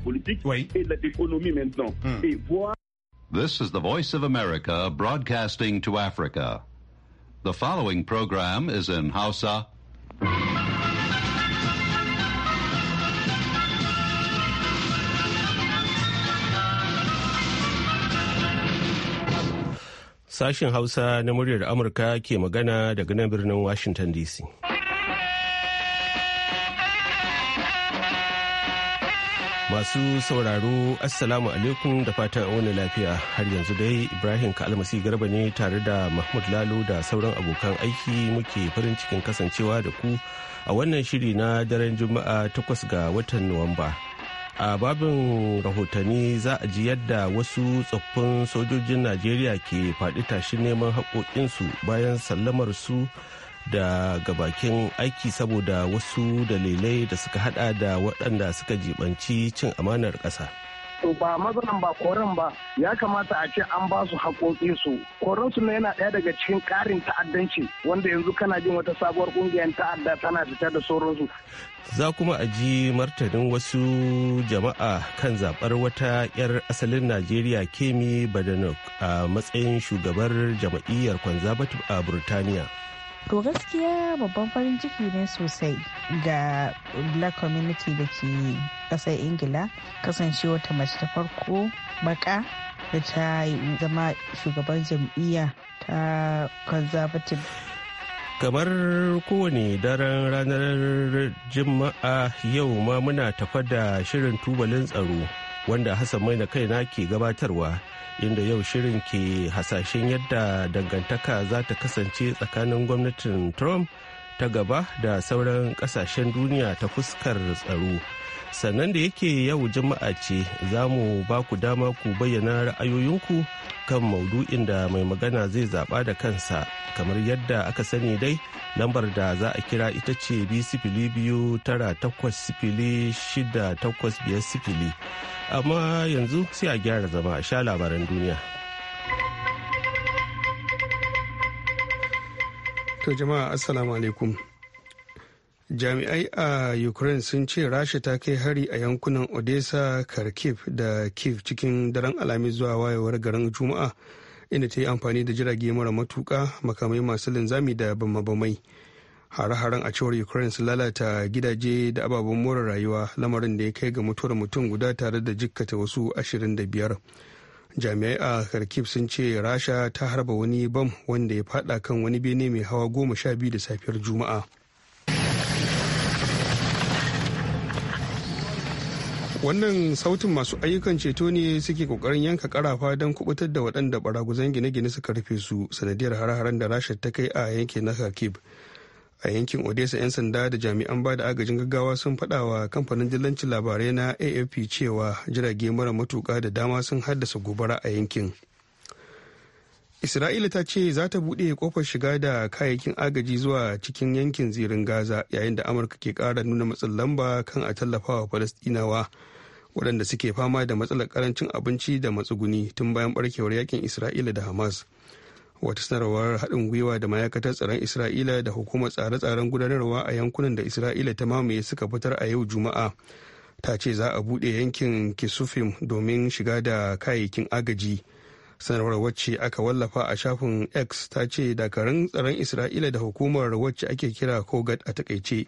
politique oui. et l'économie maintenant. Mm. Et voir... This is the Voice of America broadcasting to Africa. The following program is in Hausa. Sashen Hausa na muryar Amurka ke magana daga nan birnin Washington DC. Masu sauraro Assalamu alaikum da fatan wani lafiya har yanzu dai Ibrahim Kalmasi Garba ne tare da Mahmud Lalo da sauran abokan aiki muke farin cikin kasancewa da ku a wannan shiri na daren Juma'a takwas ga watan Nuwamba. A babin rahotanni za a ji yadda wasu tsoffin sojojin Najeriya ke faɗi tashi neman haƙoƙinsu bayan sallamar su da gabakin aiki saboda wasu dalilai da suka hada da waɗanda suka jibanci cin amanar ƙasa. to ba mazanan ba koren ba ya kamata a ce an ba su haƙoƙi su koren su na yana ɗaya daga cikin ƙarin ta'addanci wanda yanzu kana jin wata sabuwar ƙungiyar ta'adda tana fita da sauransu. za kuma a ji martanin wasu jama'a kan zaɓar wata 'yar asalin najeriya kemi badenoch a matsayin shugabar jama'iyyar conservative a burtaniya. to gaskiya babban farin ciki ne sosai ga black community da ke kasar ingila kasance wata mace ta farko baka da ta zama shugaban jam'iyya ta conservative kamar kowane daren ranar juma'a yau ma muna tafa da shirin tubalin tsaro wanda hassan mai na kaina ke gabatarwa inda yau shirin ke hasashen yadda dangantaka za ta kasance tsakanin gwamnatin trump ta gaba da sauran kasashen duniya ta fuskar tsaro sannan da yake yau juma'a ce za mu ba ku dama ku bayyana ra'ayoyinku kan maudu'in da mai magana zai zaɓa da kansa kamar yadda aka sani dai lambar da za a kira ita ce biyu tara takwas sifili shida takwas biyar sifili amma yanzu sai a gyara zama a sha labaran duniya. To jama'a assalamu alaikum. Jami'ai a Ukraine sun ce Rasha ta kai hari a yankunan Odessa, Kharkiv da Kiev cikin daren alhamis zuwa wayewar garin Juma'a inda ta yi amfani da jirage mara matuka makamai masu linzami da bamabamai. Hare-haren a cewar Ukraine sun lalata gidaje da ababen more rayuwa lamarin da ya kai ga mutuwar mutum guda tare da jikkata wasu ashirin da biyar. jami'ai a kharkiv sun ce rasha ta harba wani bam wanda ya fada kan wani bene mai hawa goma sha biyu da safiyar juma'a wannan sautin masu ayyukan ceto ne suke kokarin yanka karafa don kubutar da waɗanda baraguzan gine-gine suka rufe su sanadiyar har-haren da rasha ta kai a yankin na kharkiv a yankin odessa 'yan sanda da jami'an ba da agajin gaggawa sun faɗa kamfanin dillancin labarai na afp cewa jirage mara matuka da dama sun haddasa gobara a yankin isra'ila ta ce za ta buɗe kofar shiga da kayayyakin agaji zuwa cikin yankin zirin gaza yayin da amurka ke ƙara nuna matsin lamba kan a tallafawa falastinawa waɗanda suke fama da matsalar karancin abinci da matsuguni tun bayan ɓarkewar yakin isra'ila da hamas wata sanarwar haɗin gwiwa da ma'aikatar tsaron isra'ila da hukumar tsare-tsaren gudanarwa a yankunan da isra'ila ta mamaye suka fitar a yau juma'a ta ce za a buɗe yankin kisufim domin shiga da kayayyakin agaji sanarwar wacce aka wallafa a shafin x ta ce dakarun tsaron isra'ila da hukumar wacce ake kira kogat a takaice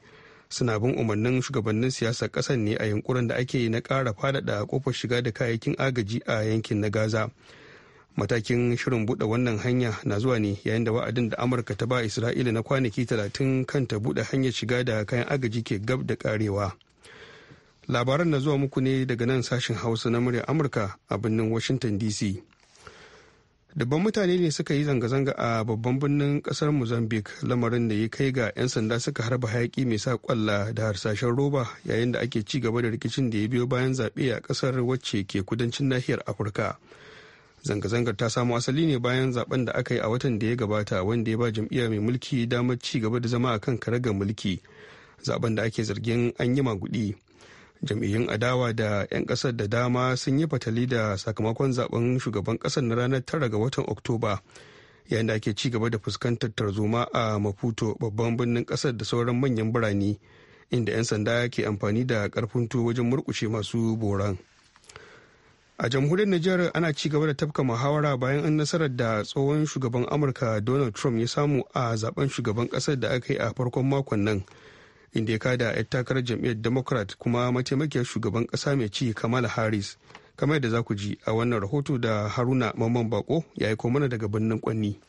suna bin umarnin shugabannin siyasar ƙasar ne a yankunan da ake na ƙara faɗaɗa kofar shiga da kayayyakin agaji a yankin na gaza matakin shirin buɗe wannan hanya na zuwa ne yayin da wa'adin da amurka ta ba isra'ila na kwanaki talatin kanta buɗe hanyar shiga da kayan agaji ke gab da karewa labaran na zuwa muku ne daga nan sashen hausa na murya amurka a birnin washington dc dabban mutane ne suka yi zanga-zanga a babban birnin kasar mozambique lamarin da ya kai ga 'yan sanda suka harba hayaki mai sa kwalla da harsashen roba yayin da ake ci gaba da rikicin da ya biyo bayan zaɓe a kasar wacce ke kudancin nahiyar afirka zanga-zangar ta samo asali ne bayan zaben da aka yi a watan da ya gabata wanda ya ba jam'iyyar mai mulki damar ci gaba da zama a kan karagar mulki zaben da ake zargin an yi magudi jam'iyyun adawa da 'yan kasar da dama sun yi fatali da sakamakon zaben shugaban kasar na ranar tara ga watan oktoba yayin da ake ci gaba da fuskantar tarzoma a maputo babban birnin kasar da sauran manyan birane inda 'yan sanda ke amfani da karfin wajen murkushe masu boran. a jamhuriyar niger ana ci gaba da tafka muhawara bayan an nasarar da tsohon shugaban amurka donald trump ya samu a zaben shugaban kasar da aka yi a farkon makon nan inda ya kada 'yan takarar jam'iyyar democrat kuma mataimakiyar shugaban kasa mai ci kamala harris kamar yadda za ku ji a wannan rahoto da haruna mamman bako ya aiko mana daga birnin kwanni.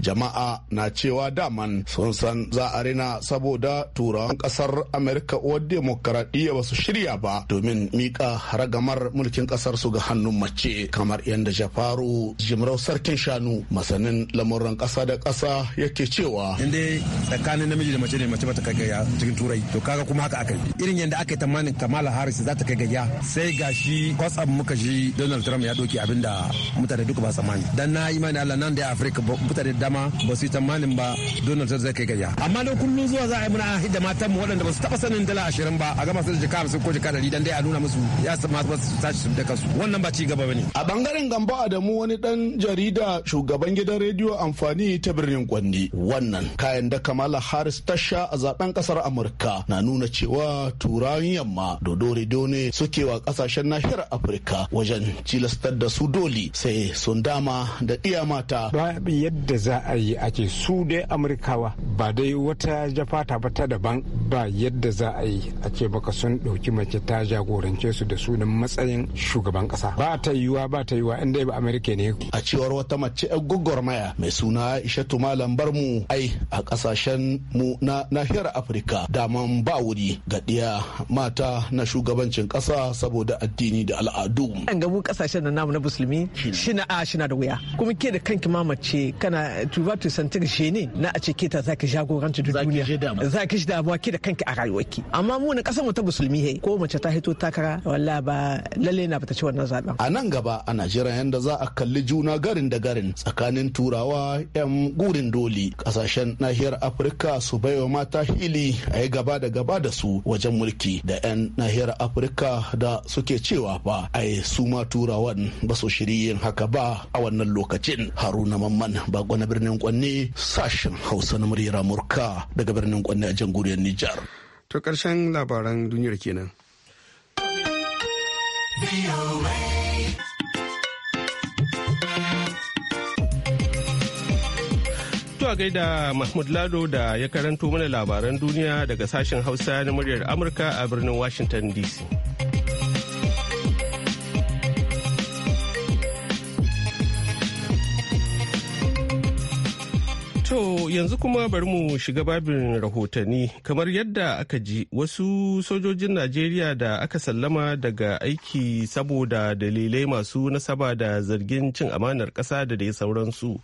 jama'a na cewa daman sun san za a rina saboda turawan kasar amerika uwar demokaradiyya ba su shirya ba domin mika haragamar mulkin kasar su ga hannun mace kamar yadda faru jimrau sarkin shanu masanin lamuran kasa da kasa yake cewa inda tsakanin namiji da mace ne mace bata kai gaya cikin turai to kaga kuma haka aka yi irin yadda aka yi tamanin kamala harris za ta kai gaya sai gashi kwatsam muka shi donald trump ya doki abinda mutane duka ba tsammani dan na imani allah nan da afirka mutane da dama ba su yi tamanin ba donald trump zai kai gaya amma don kullum zuwa za a yi muna hidda matan mu waɗanda ba su taɓa sanin dala ashirin ba a gama su da jika su ko jika ɗari dan dai a nuna musu ya su masu su tashi da su wannan ba ci gaba ba ne. a bangaren gambo adamu wani dan jarida shugaban gidan rediyo amfani ta birnin kwanni wannan kayan da kamala harris ta sha a zaben kasar amurka na nuna cewa turawan yamma dodo rediyo ne suke wa kasashen nahiyar afirka wajen cilastar da su doli sai sun dama da iya mata. babu yadda za za a yi ake su dai amurkawa ba dai wata jafata ba ta daban ba yadda za a yi a ce baka sun ɗauki mace ta jagorance su da sunan matsayin shugaban kasa. ba ta yiwa ba ta yiwa inda ba amurka ne a cewar wata mace yan gwagwarmaya mai suna ishatu malam mu. ai a kasashen mu na nahiyar afirka daman ba wuri ga ɗiya mata na shugabancin ƙasa saboda addini da al'adu an gabu ƙasashen da namu na musulmi shina a shina da wuya kuma ke da kanki ma kana tuba to santir shi ne na a ce keta zaki jagoranta da duniya zaki shi damuwa ki da kanki a rayuwarki amma mu na kasar wata musulmi he ko mace ta hito takara walla ba lalle na bata ci wannan zaben a nan gaba a Najeriya yanda za a kalli juna garin da garin tsakanin turawa yan gurin doli kasashen nahiyar Afirka su baiwa mata hili a yi gaba da gaba da su wajen mulki da yan nahiyar Afirka da suke cewa ba yi su ma turawan ba su shiri yin haka ba a wannan lokacin Haruna Mamman ba gwana. birnin Kwanne sashen Hausa na muryar Amurka daga birnin Kwanne a jamhuriyar Nijar. To karshen labaran duniyar kenan. zuwa gaida Mahmud Lado da ya karanto mana labaran duniya daga sashen Hausa na muryar Amurka a birnin Washington DC. yanzu kuma bari mu shiga babin rahotanni kamar yadda aka ji wasu sojojin najeriya da aka sallama daga aiki saboda dalilai masu nasaba da zargin cin amanar ƙasa da dai sauransu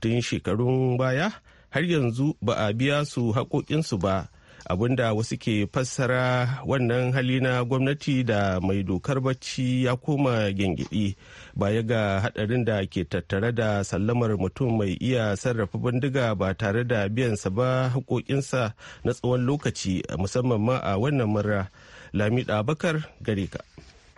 tun shekarun baya har yanzu ba a biya su haƙoƙinsu ba abinda wasu ke fassara wannan hali na gwamnati da mai dokar bacci ya koma gingidi baya ga hadarin da ke tattare da sallamar mutum mai iya sarrafa bindiga ba tare da biyansa ba hakokinsa na tsawon lokaci musamman ma a wannan murra lamida bakar gare ka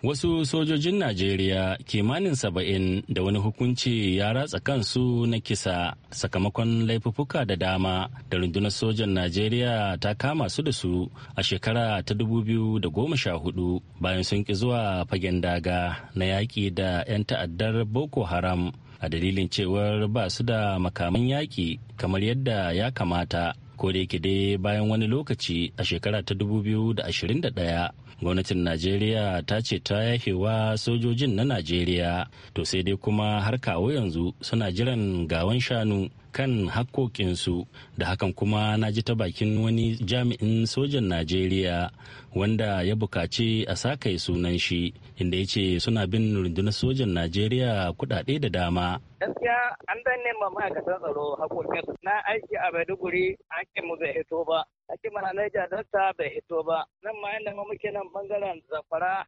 wasu sojojin najeriya kimanin saba'in da wani hukunci ya ratsa kansu na kisa sakamakon laifuffuka da dama da rundunar sojan najeriya ta kama su da su a shekara ta 2014 bayan sun ki zuwa fagen daga na yaƙi da 'yan ta'addar boko haram a dalilin cewar ba su da makaman yaƙi kamar yadda ya kamata ko da dai bayan wani lokaci a shekara ta 2021 gwamnatin najeriya ta ce ta yahewa sojojin na najeriya to sai dai kuma har kawo yanzu suna jiran gawan shanu kan hakkokinsu da hakan kuma na ji ta bakin wani jami'in sojan najeriya wanda ya bukaci a sakai sunan shi inda ya ce suna bin rundunar sojan najeriya kudade da dama gaskiya an dan ma ma'aikatan tsaro hakokinsu na aiki a maiduguri an ke mu zai ba hakimin Niger jadarta bai hito ba nan ma yanda ma muke nan bangaren zafara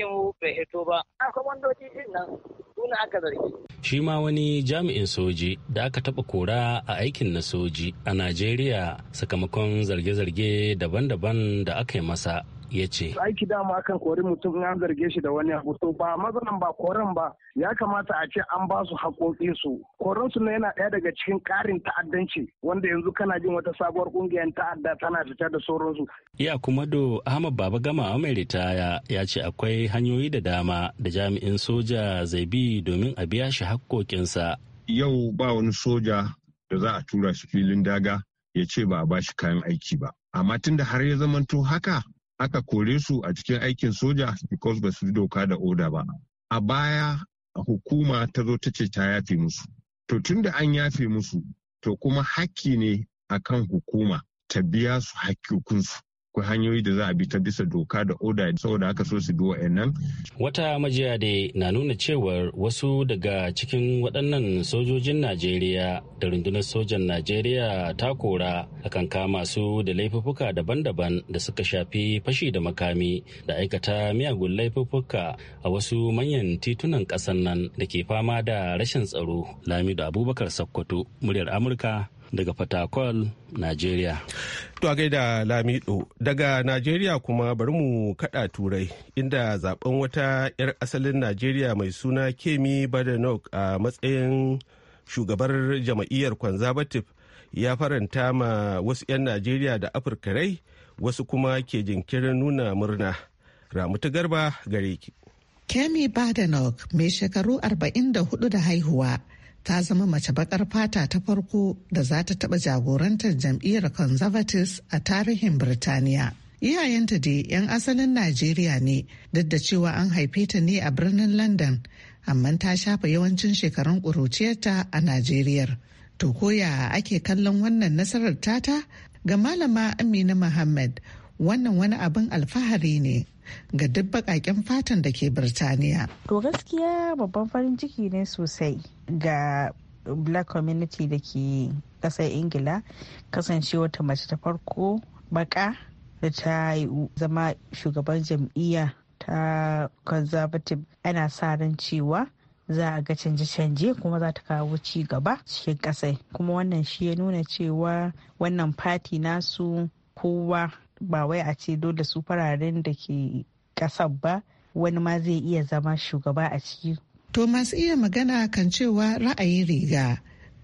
mu bai hito ba a kwamandoji din nan suna aka zargi shi ma wani jami'in soji da aka taba kora a aikin na soji a Najeriya sakamakon zarge-zarge daban-daban da aka yi masa ya ce. Aiki dama akan kori mutum in an zarge shi da wani abu to ba mazanan ba koren ba ya kamata a ce an ba su haƙoƙi su. Koren su na yana ɗaya daga cikin ƙarin ta'addanci wanda yanzu kana jin wata sabuwar ƙungiyar ta'adda tana fita da sauransu. Ya kuma do Ahmad Baba Gama mai ritaya ya ce akwai hanyoyi da dama da jami'in soja zai bi domin a biya shi haƙoƙinsa. Yau ba wani soja da za a tura shi filin daga ya ce ba a ba shi kayan aiki ba. Amma tun da har ya zamanto haka aka kore su a cikin aikin soja because ba su yi doka da oda ba a baya hukuma ta zo ta ce ta yafe musu to tun da an yafe musu to kuma hakki ne akan hukuma ta biya su hakkokinsu akwai hanyoyi da za a bi ta bisa doka da oda saboda haka so su bi wa'annan. Wata majiya da na nuna cewar wasu daga cikin waɗannan sojojin Najeriya da rundunar sojan Najeriya ta kora akan kama su da laifuffuka daban-daban da suka shafi fashi da makami da aikata miyagun laifuffuka a wasu manyan titunan ƙasar nan da ke fama da rashin tsaro. Lamido Abubakar Sokoto, muryar Amurka daga fatakwal najeriya to a gaida lamido daga najeriya kuma bari mu kada turai inda zaben wata 'yar asalin najeriya mai suna kemi badenok a matsayin shugabar jama'iyyar conservative ya faranta ma wasu 'yan najeriya da afirka rai wasu kuma ke jinkirin nuna murna ramu garba gare ki kemi badenok mai shekaru 44 da haihuwa ta zama mace bakar fata ta farko da za ta taɓa jagorantar jam'iyyar conservatives a tarihin Birtaniya. Iyayenta da 'yan asalin Najeriya ne duk da cewa an haife ta ne a birnin London, amma ta shafa yawancin shekarun ƙuruciyarta a Najeriya. To koya ake kallon wannan nasarar tata ga Malama Amina Muhammad wannan wani abin alfahari ne. ga duk baƙaƙen fatan da ke birtaniya to gaskiya babban farin ciki ne sosai ga black community da ke ƙasar ingila kasance wata mace ta farko baka da ta zama shugaban jam'iyya ta conservative ana sa ran cewa za a ga canje-canje kuma za ta kawo ci gaba cikin ƙasai kuma wannan shi ya nuna cewa wannan fati nasu kowa ba wai a ce dole su fararen da ke ƙasar ba wani ma zai iya zama shugaba a ciki. To masu iya magana kan cewa ra'ayin riga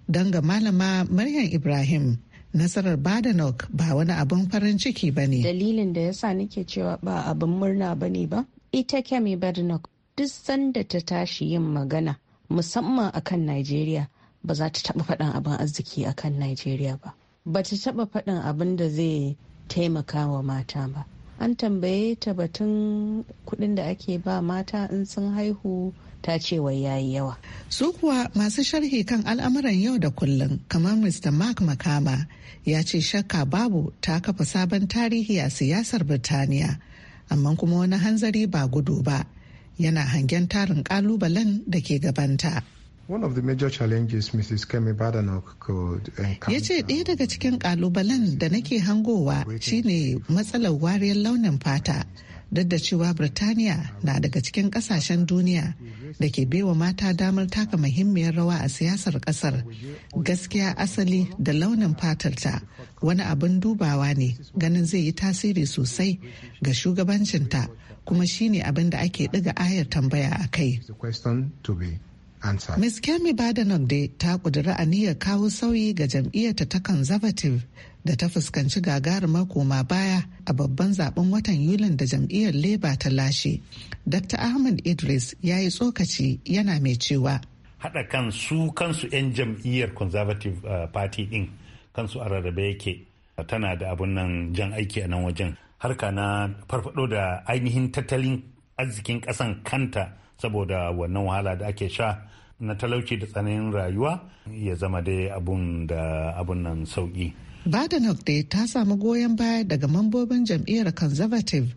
don ga malama Maryam Ibrahim. Nasarar Badenoch ba wani abin farin ciki ba ne. Dalilin da yasa nake cewa ba abin murna ba ne ba, ita Kemi Badenoch duk sanda ta tashi yin magana musamman akan Najeriya ba za ta taɓa faɗin abin arziki akan Najeriya ba. Ba ta taɓa faɗin abin da zai taimaka wa mata ba an tambaye ta batun kuɗin da ake ba mata in sun haihu ta ce wai yayi yawa. Su kuwa masu sharhi kan al'amuran yau da kullum kamar Mr. Mark Makama ya ce shakka babu ta kafa sabon tarihi a siyasar Birtaniya, amma kuma wani hanzari ba gudu ba yana hangen tarin kalubalen da ke gabanta. Eh, ya ce ɗaya daga cikin ƙalubalen da nake hangowa shine matsalar wariyar launin fata. Duk da cewa Birtaniya na daga cikin ƙasashen duniya da ke baiwa mata damar taka muhimmiyar rawa a siyasar ƙasar. Gaskiya asali da launin fatarta wani abin dubawa ne ganin zai yi tasiri sosai ga shugabancinta kuma shine abin da ake ɗiga ayar tambaya a kai. ansa. Ms. Kemi Badenoch ta kudura aniyar kawo sauyi ga jam'iyyarta ta Conservative da ta fuskanci gagarumar koma baya a babban zaben watan Yulin da jam'iyyar Labour ta lashe. Dr. ahmed Idris ya yi tsokaci yana mai cewa. Haɗa kan su kansu 'yan jam'iyyar Conservative uh, Party din kansu a rarrabe yake tana da abun nan jan aiki a nan wajen. Harka na farfado da ainihin tattalin arzikin ƙasan kanta saboda wannan wahala da ake sha na talauci da tsananin rayuwa ya zama dai abun da abun nan sauki. Badenoch dai ta samu goyon baya daga mambobin jam'iyyar conservative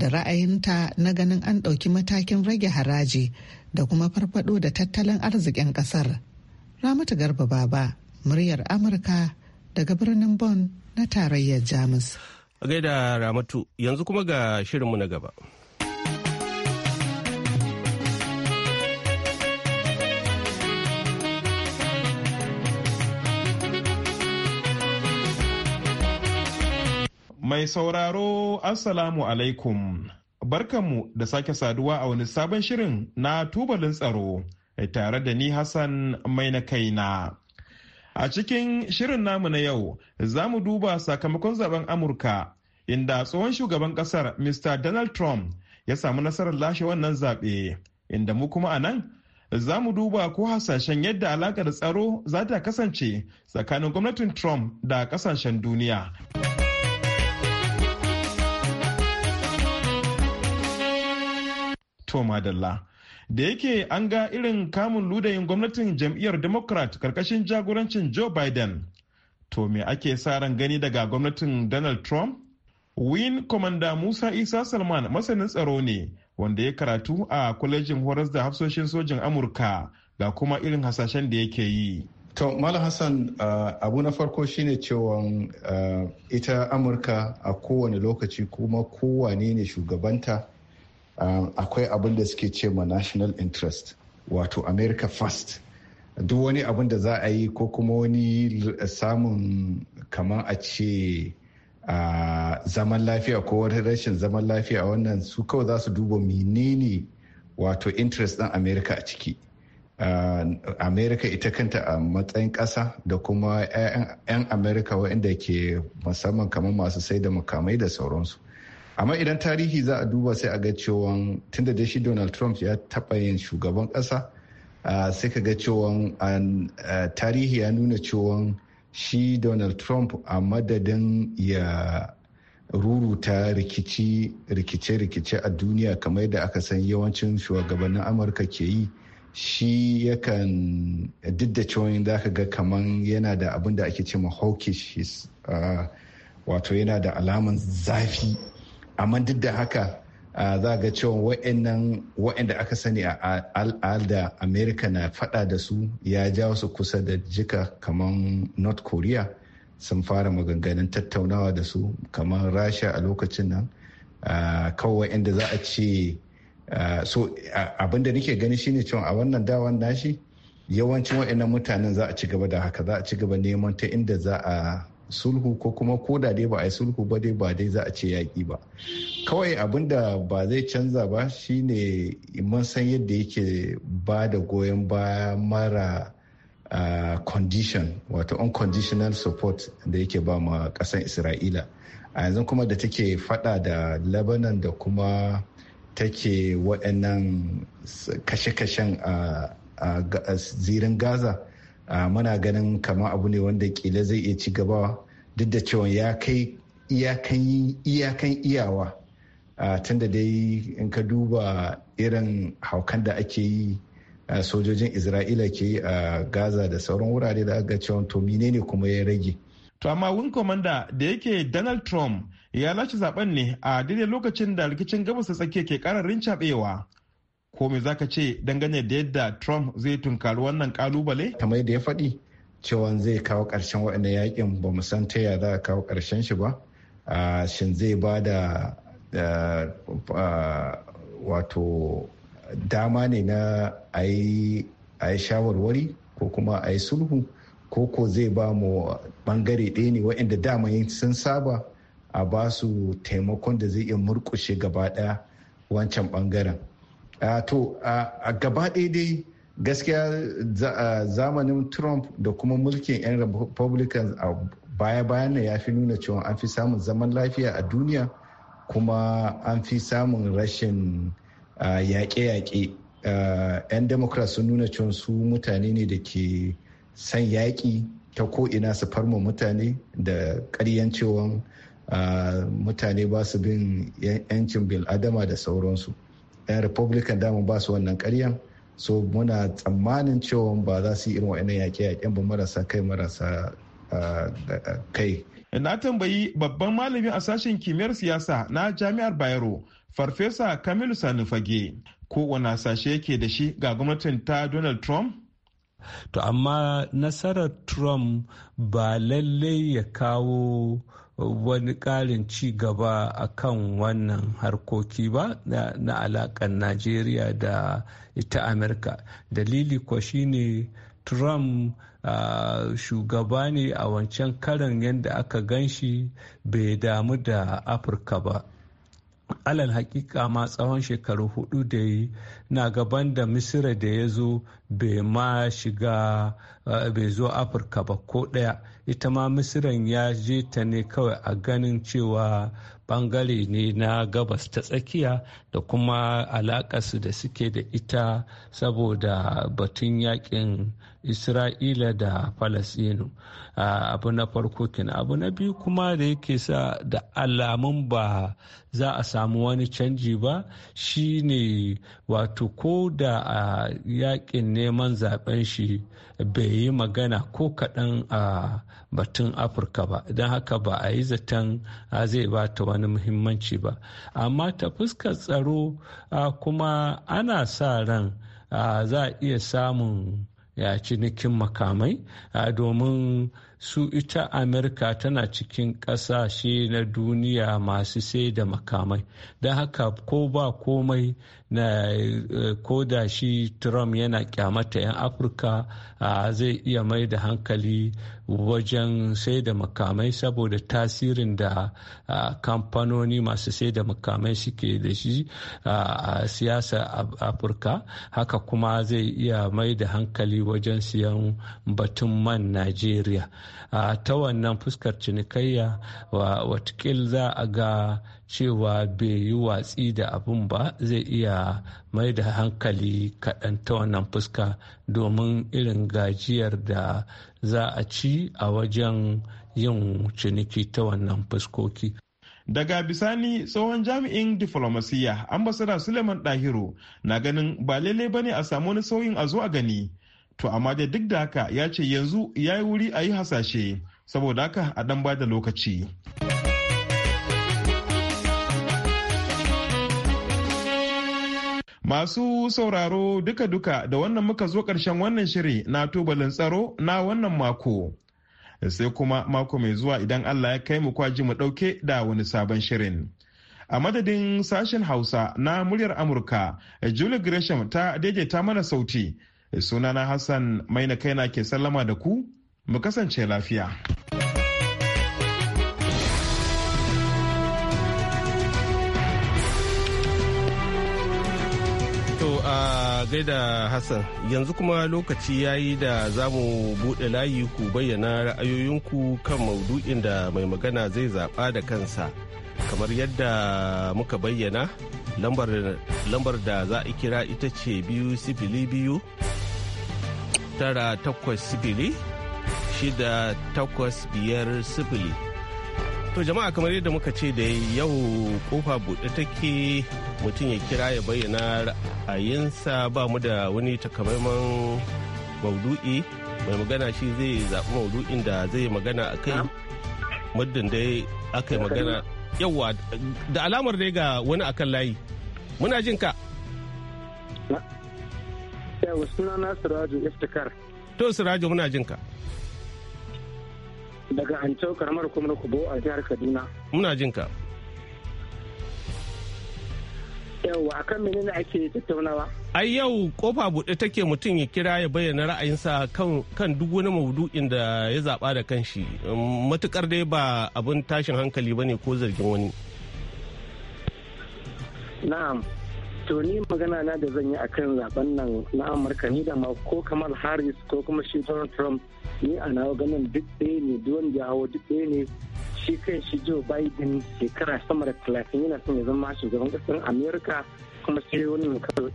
da ra'ayinta na ganin an ɗauki matakin rage haraji da kuma farfado da tattalin arzikin ƙasar. Ramatu Garba Baba, muryar Amurka daga birnin Bonn na tarayyar Jamus. Gaida Ramatu, yanzu kuma ga shirinmu na gaba. Mai sauraro Assalamu alaikum. Barkanmu da sake saduwa a wani sabon shirin na tubalin tsaro tare da ni Hassan mai na kaina. A cikin shirin namu na yau za mu duba sakamakon zaben Amurka inda tsohon shugaban kasar Mr. Donald Trump ya samu nasarar lashe wannan zaɓe inda mu kuma a nan za mu duba ko hasashen yadda alakar tsaro za ta kasance tsakanin gwamnatin Trump da kasashen duniya. To madalla. Da yake an ga irin kamun ludayin gwamnatin jam'iyyar Democrat karkashin jagorancin Joe Biden. To me ake sa ran gani daga gwamnatin Donald Trump? Win Komanda Musa Isa Salman masanin tsaro ne wanda ya karatu a kwalejin horas da hafsoshin sojin Amurka ga kuma irin hasashen da yake yi. To Malam Hassan uh, abu na farko shine cewa uh, ita Amurka a kowane lokaci kuma kowane ne shugabanta Um, akwai abin da suke ce ma national interest wato america first duk wani abin da za a yi ko kuma wani samun kamar a ce zaman lafiya ko wani rashin zaman lafiya wannan su kawai za su duba menene wato interest ɗin america a ciki um, america ita kanta a matsayin ƙasa da kuma 'yan america waɗanda ke musamman kamar masu sai da mukamai da sauransu amma idan tarihi za a duba sai a ga cewa tunda da shi donald trump ya taɓa yin shugaban ƙasa sai ka ga cewa tarihi ya nuna cewa shi donald trump a madadin ya ruruta rikici rikice-rikice a duniya kamar yadda aka san yawancin shugabannin amurka ke yi shi yakan duk da cewa za ka ga kaman yana da abin da ake ce ma hawkish wato yana da alaman zafi amma duk da haka za ga cewa wa'anda aka sani a al'ada amerika na fada da su ya ja su kusa da jika kamar north korea sun fara maganganun tattaunawa da su kamar rasha a lokacin nan kawai wa'anda za a ce so abinda nake gani shine cewa a wannan dawan nashi yawancin wa'annan mutanen za a ci gaba da haka za a ci gaba neman ta inda za a sulhu ko kuma koda dai ba a yi sulhu ba dai ba dai za a ce yaƙi ba kawai abin da ba zai canza ba shine mun san yadda yake ba da goyon baya mara uh, condition wato unconditional support da yake ba ma ƙasar isra'ila a yanzu kuma da take fada da lebanon da kuma take waɗannan kashe-kashen a zirin gaza muna ganin kama abu ne wanda kila zai iya ci gaba duk da cewa ya kai iyakan iyakan iyawa tun da dai in ka duba irin haukan da ake yi sojojin isra'ila ke a gaza da sauran wurare da aka cewa to menene kuma ya rage to amma wing commander da yake donald trump ya lashe zaben ne a daidai lokacin da rikicin gabas da tsakiya ke kararin cabewa ko me zaka ce dangane da yadda trump zai tunkari wannan kalubale kamar yadda ya faɗi cewa zai kawo ƙarshen waɗanda yakin ba mu san ta yaya za a kawo ƙarshen shi ba shin zai ba da wato dama ne na a yi shawarwari ko kuma a yi sulhu ko ko zai ba mu bangare ɗaya ne waɗanda dama sun saba a ba su taimakon da zai iya murkushe gaba ɗaya wancan ɓangaren. to a gaba dai gaskiya zamanin trump da kuma mulkin 'yan republicans a baya-bayan ya fi nuna cewa an fi samun zaman lafiya a duniya kuma an fi samun rashin yaƙe-yaƙe 'yan democrat sun nuna cewa su mutane ne da ke san yaƙi ta ko'ina su farma mutane da ƙaryan mutane ba su bin 'yancin bil'adama da sauransu 'yan republican damu ba su wannan karyan so muna tsammanin cewa ba za su yi irin wa'annan yaƙe-yaƙen ba marasa kai marasa ah, ah, kai na tambayi babban malami a sashen kimiyyar siyasa na jami'ar bayero farfesa kamilu sani fage wani sashe yake da shi ga gwamnatin ta donald trump to amma nasarar trump ba lallai ya kawo wani ƙarin ci gaba a kan wannan harkoki ba na alaƙan najeriya da ita amurka dalili kuwa shine trump ah, shugaba ne a wancan karan yadda aka ganshi bai damu da afirka ba alal hakika ma tsawon shekaru hudu da yi na gaban da misira da ya zo bai ma shiga eh, bai zo afirka ba ko daya ita ma misiran ya je ta ne kawai a ganin cewa bangare ne na gabas ta tsakiya da kuma alakarsu da suke da ita saboda batun yakin isra'ila da falasinu abu na farko kina abu na biyu kuma da yake sa da alamun ba za a samu wani canji ba shine wato ko da a yakin neman zaben shi bai yi magana ko kaɗan a batun afirka ba don haka ba a yi zaton zai bata wani muhimmanci ba amma ta fuskar tsaro kuma ana sa ran za a iya samun ya cinikin makamai domin su ita amurka tana cikin ƙasashe na duniya masu sai da makamai don haka ko ba komai na eh, ko da shi trump yana kyamata 'yan afirka zai iya mai da hankali wajen sai da makamai saboda tasirin da kamfanoni masu sai da makamai suke da shi a siyasa afirka haka kuma zai iya mai da hankali wajen siyan batun man nigeria ta wannan fuskar cinikayya watakil za a ga cewa bai yi watsi da abun ba zai iya mai da hankali kaɗan ta wannan fuska domin irin gajiyar da za a ci a wajen yin ciniki ta wannan fuskoki. daga bisani tsohon jami'in diflomasiyya ambasada suleiman dahiru na ganin ba lele bane a samu wani sauyin a zo a gani to amma dai duk da haka ya ce yanzu ya yi wuri a yi hasashe saboda haka a dan ba da lokaci. Masu sauraro duka-duka da wannan muka zo ƙarshen wannan shiri na tubalin tsaro na wannan mako. Sai kuma mako mai zuwa idan Allah ya kai mu kwaji mu ɗauke da wani sabon shirin. A madadin sashen Hausa na muryar Amurka, Julie Gresham ta daidaita mana sauti. Sunana Hassan Maina Kaina ke sallama da ku, mu kasance lafiya. a gaida Hassan yanzu kuma lokaci ya yi da za mu buɗe layi ku bayyana ra'ayoyinku kan maudu'in da mai magana zai zaɓa da kansa kamar yadda muka bayyana lambar da za a kira ita ce biyu sifili biyu tara takwas sifili shida takwas biyar sifili To jama'a kamar yadda muka ce da yau kofa buɗe take mutum ya kira ya bayyana ra'ayinsa ba mu da wani takamaiman maudu'i mai magana shi zai zaɓi maudu'in da zai magana a kai muddin dai aka yi magana yauwa da alamar dai ga wani akan layi muna jin ka yawa suna na sirajo iftikar to sirajo muna jin ka daga Ancau karamar kuma Kubo a jihar Kaduna. Muna jin ka. Yau akan menene ake tattaunawa? Ai yau kofa buɗe take mutum ya kira ya bayyana ra'ayinsa kan kan duk wani maudu'in da ya zaɓa da kanshi. Um, Matukar dai ba abin tashin hankali bane ko zargin wani. Na'am. to ni magana na da zan yi akan zaben nan na amurka ni da ma ko kamal harris ko kuma shi trump ni a nawa ganin duk ɗaya ne duk wanda ya hawa duk ɗaya ne shi kan shi Joe Biden shekara sama da talatin yana son ya zama shugaban ƙasar Amerika kuma sai wannan kawai.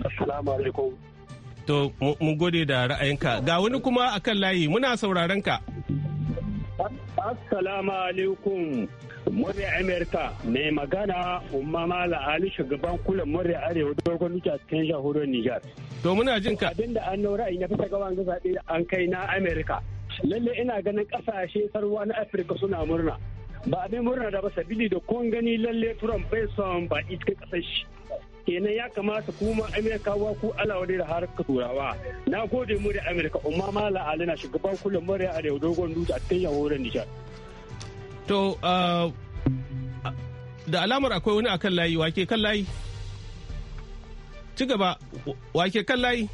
Assalamu alaikum. To, mu gode da ra'ayinka. Ga wani kuma akan layi muna sauraron ka. Assalamu alaikum murya Amerika mai magana umma mala Ali shugaban kula murya Arewa dogon nuka cikin jahoron Nijar. To muna jin ka. Abinda an nau ra'ayi na fita gawan ga zaɓe an kai na Amerika. Lalle ina ganin kasashe sarwa na Afirka suna murna. Ba abin murna da ba sabili da kun gani lalle Trump bai son ba ita kasashe kenan ya kamata kuma wa ku alawari da harkar turawa na gode mu da amerika umma mala alina shugaban kullum mara a da dogon dutse a cikin horon nishar to uh, da alamar akwai wani akan layi wake kan layi ci gaba wake kan layi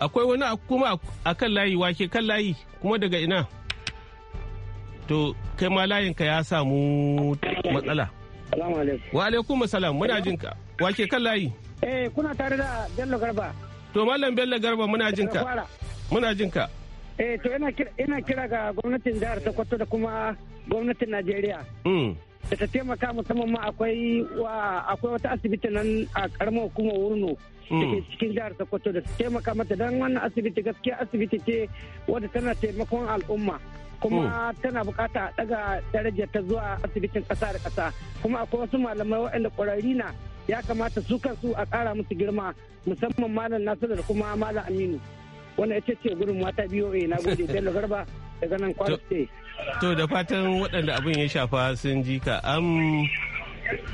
akwai wani kuma akan layi wake kan layi kuma daga ina to kai ma layinka ya samu matsala Salamu alaikum. Wa alaikum salam muna jin ka. Wa ke kan layi? Eh kuna tare da Bello Garba. To Mallam Bello Garba muna jin ka. Muna jin ka. Eh to ina kira ga gwamnatin jihar Sokoto da kuma gwamnatin Najeriya. Hmm. Da ta taimaka musamman ma akwai akwai wata asibiti nan a karamar hukumar Wurno. Hmm. cikin jihar Sokoto da ta taimaka mata don wannan asibiti gaskiya asibiti ce wadda tana taimakon al'umma. kuma hmm. tana bukata a daga darajar ta zuwa asibitin kasa da kasa kuma akwai wasu malamai waɗanda ƙwararri na ya kamata su kansu a ƙara musu girma musamman malam nasiru da kuma malam aminu wanda ita ce gurin mata biyo na gode bello garba daga nan kwalite to da fatan waɗanda abin ya shafa sun ji ka am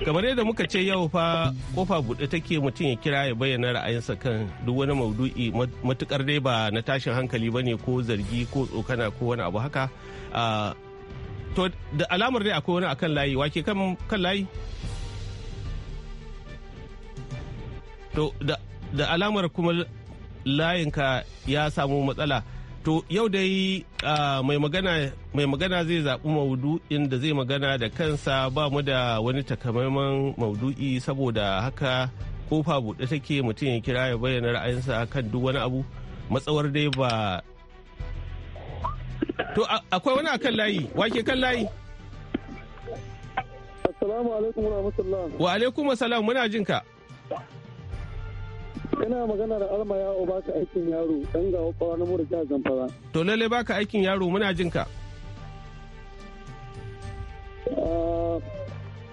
kamar yadda muka ce yau fa kofa buɗe take mutum ya kira ya bayyana ra'ayinsa kan duk wani maudu'i matukar dai ba na tashin hankali ba ne ko zargi ko tsokana ko wani abu haka to da alamar dai akwai wani akan layi wake kan layi to da alamar kuma layinka ya samu matsala To yau dai mai magana zai zaɓi maudu'in da zai magana da kansa ba mu da wani takamaiman maudu'i saboda haka kofa buɗe take mutum ya kira ya bayyana ra'ayinsa kan duk wani abu matsawar dai ba. To akwai wani akan layi wake kan layi. Assalamu alaikum wa rahmatullah. Wa alaikum assalam muna jinka. Ina magana da ya o baka aikin yaro dan ga kwa na mura jihar Zamfara. To lalle baka aikin yaro muna jin ka. Ah,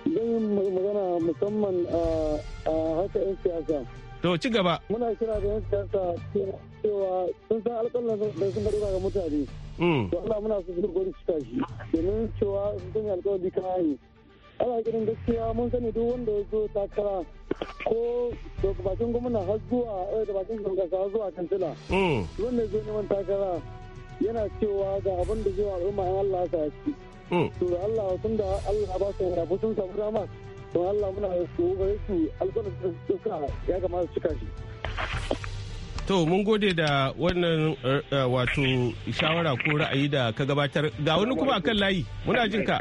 zan magana musamman a ah, ah, haka 'yan siyasa. To ci gaba. Muna kira da 'yan siyasa cewa sun san alƙalan da sun faɗi ga mutane. Hmm. To Allah muna su zuwa gwada cika shi. Domin cewa sun sanya da kana yi. Ana kiran gaskiya mun sani duk wanda ya zo takara ko daga bakin gwamna har zuwa eh, da bakin gwamnati har zuwa kansila mm. wanda zai neman takara yana cewa ga abin da zai al'umma in Allah ya ci mm. to da Allah tun da Allah ba su rabu sun samu dama to Allah muna kokare su alƙawarin da suka ya kamata su cika shi To mun gode da wannan eh, eh, wato shawara ko ra'ayi da ka gabatar ga wani kuma akan layi muna jinka.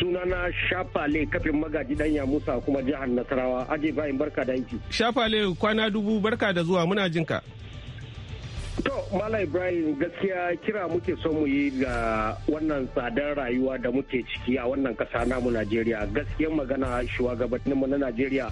sunana shafale kafin magaji ya musa kuma jihar nasarawa aje bayan barka da aiki shafale kwana dubu barka da zuwa muna jinka To, Mala Ibrahim gaskiya kira muke son mu yi ga wannan tsadar rayuwa da muke ciki a wannan kasa namu Najeriya. Gaskiyar magana mu na Najeriya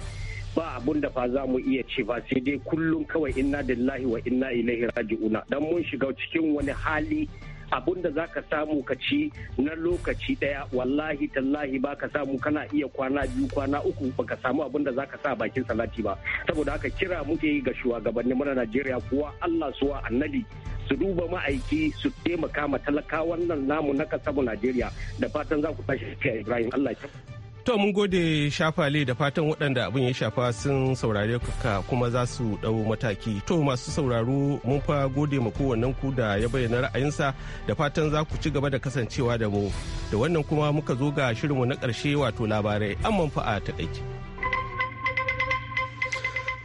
ba abun da fa za mu iya ce ba sai dai kullum kawai inna lillahi wa inna ilaihi raji'una. Dan mun shiga cikin wani hali abun da za ka samu ka ci na lokaci daya wallahi tallahi ba ka samu kana iya kwana biyu kwana uku ba ka samu abun da za ka sa bakin salati ba saboda haka kira muke yi ga shugabanni mana Najeriya kuwa Allah suwa annabi su duba ma'aiki su taimaka ma talakawan nan namu na kasar Najeriya da fatan za ku tashi Ibrahim Allah ya To mun gode shafale da fatan waɗanda abin ya shafa sun saurare ka kuma za su ɗau mataki. To masu sauraro mun fa gode ma kowannen ku da ya bayyana ra'ayinsa da fatan za ku ci gaba da kasancewa da mu. Da wannan kuma muka zo ga shirinmu na ƙarshe wato labarai an fa a ɗaki.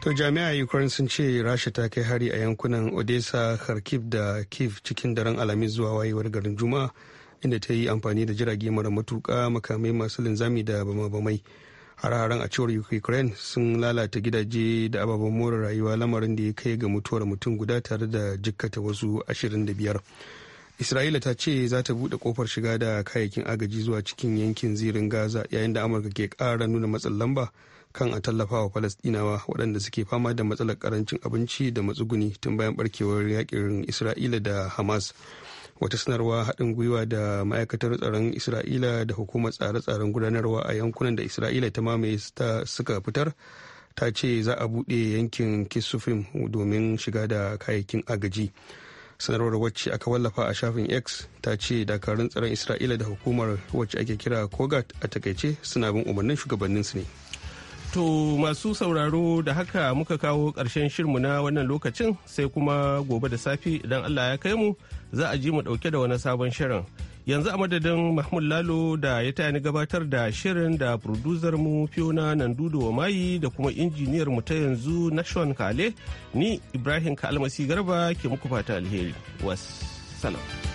To jami'a Ukraine sun ce Rasha ta kai hari a yankunan Odessa, Kharkiv da Kiev cikin daren Alhamis zuwa wayewar garin Juma'a. inda ta yi amfani da jirage mara matuka makamai masu linzami da bama-bamai har-haren a cewar ukraine sun lalata gidaje da ababen more rayuwa lamarin da ya kai ga mutuwar mutum guda tare da jikkata wasu 25 isra'ila ta ce za ta buɗe kofar shiga da kayayyakin agaji zuwa cikin yankin zirin gaza yayin da amurka ke ƙara nuna matsin lamba kan a tallafawa falastinawa waɗanda suke fama da matsalar karancin abinci da matsuguni tun bayan barkewar yaƙin isra'ila da hamas wata sanarwa haɗin gwiwa da ma'aikatar tsaron isra'ila da hukumar tsare-tsaren gudanarwa a yankunan da isra'ila ta mamaye suka fitar ta ce za a buɗe yankin kisufin domin shiga da kayayyakin agaji sanarwar wacce aka wallafa a shafin x ta ce dakarun tsaron isra'ila da hukumar wacce ake kira kogat a takaice suna bin umarnin shugabanninsu ne To masu sauraro da haka muka kawo ƙarshen shirmu na wannan lokacin sai kuma gobe da safe idan Allah ya kai mu za a ji mu ɗauke da wani sabon shirin. Yanzu a madadin Mahmud Lalo da ya tayani gabatar da shirin da producer mu Fiona Nandudo wa mayi da kuma injiniyar mu ta yanzu Nashon Kale ni Ibrahim Kalmasi Garba ke muku fata alheri. Wassalam.